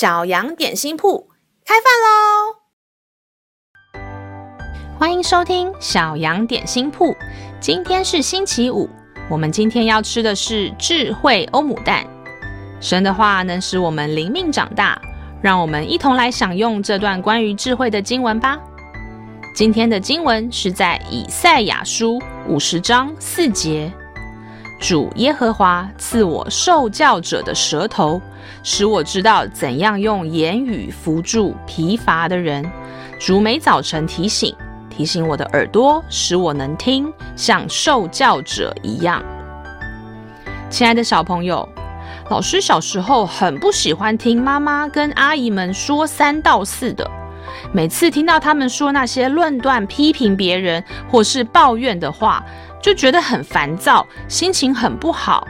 小羊點心鋪開飯嘍！歡迎收聽小羊點心鋪。今天是星期五，我們今天要吃的是智慧歐姆蛋。神的話能使我們靈命長大，讓我們一同來享用這段關於智慧的經文吧。今天的經文是在以賽亞書五十章四節。主耶和華賜我受教者的舌頭，使我知道怎樣用言語扶助疲乏的人。主每早晨提醒，提醒我的耳朵，使我能聽，像受教者一樣。親愛的小朋友，老師小時候很不喜歡聽媽媽跟阿姨們說三道四的。每次聽到他們說那些論斷、批評別人或是抱怨的話，就覺得很煩躁，心情很不好。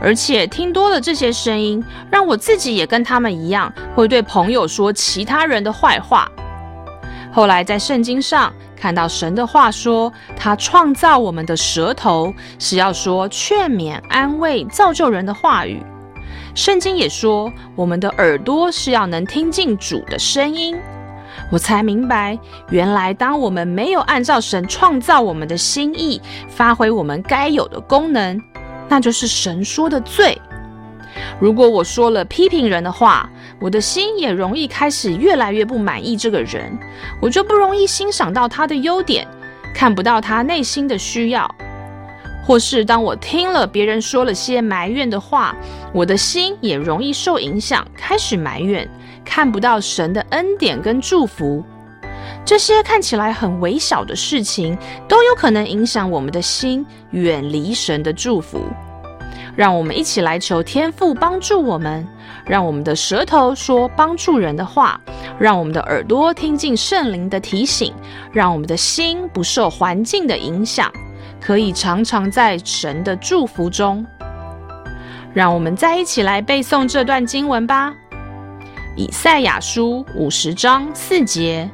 而且聽多了這些聲音，讓我自己也跟他們一樣，會對朋友說其他人的壞話。後來在聖經上看到神的話說，說他創造我們的舌頭是要說勸勉、安慰、造就人的話語。聖經也說，我們的耳朵是要能聽進主的聲音。我才明白，原來當我們沒有按照神創造我們的心意，發揮我們該有的功能，那就是神說的罪。如果我說了批評人的話，我的心也容易開始越來越不滿意這個人，我就不容易欣賞到他的優點，看不到他內心的需要。或是當我聽了別人說了些埋怨的話，我的心也容易受影響，開始埋怨。看不到神的恩典跟祝福，這些看起來很微小的事情，都有可能影響我們的心，遠離神的祝福。讓我們一起來求天父幫助我們，讓我們的舌頭說幫助人的話，讓我們的耳朵聽進聖靈的提醒，讓我們的心不受環境的影響，可以常常在神的祝福中。讓我們再一起來背誦這段經文吧。以賽亞書五十章四節：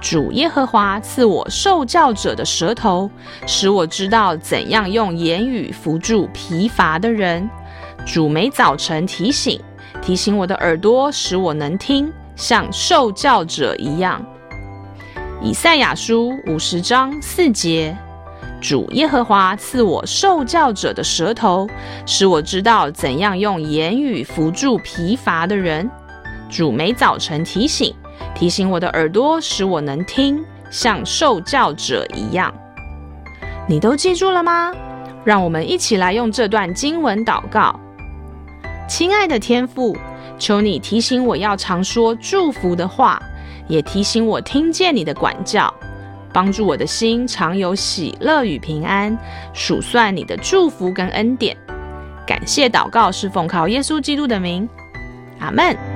主耶和華賜我受教者的舌頭，使我知道怎樣用言語扶助疲乏的人。主每早晨提醒，提醒我的耳朵，使我能聽，像受教者一樣。以賽亞書五十章四節：主耶和華賜我受教者的舌頭，使我知道怎樣用言語扶助疲乏的人。主，每早晨提醒，提醒我的耳朵，使我能聽，像受教者一樣。你都記住了嗎？讓我們一起來用這段經文禱告。親愛的天父，求你提醒我要常說祝福的話，也提醒我聽見你的管教，幫助我的心常有喜樂與平安，數算你的祝福跟恩典。感謝禱告，是奉靠耶穌基督的名。阿門。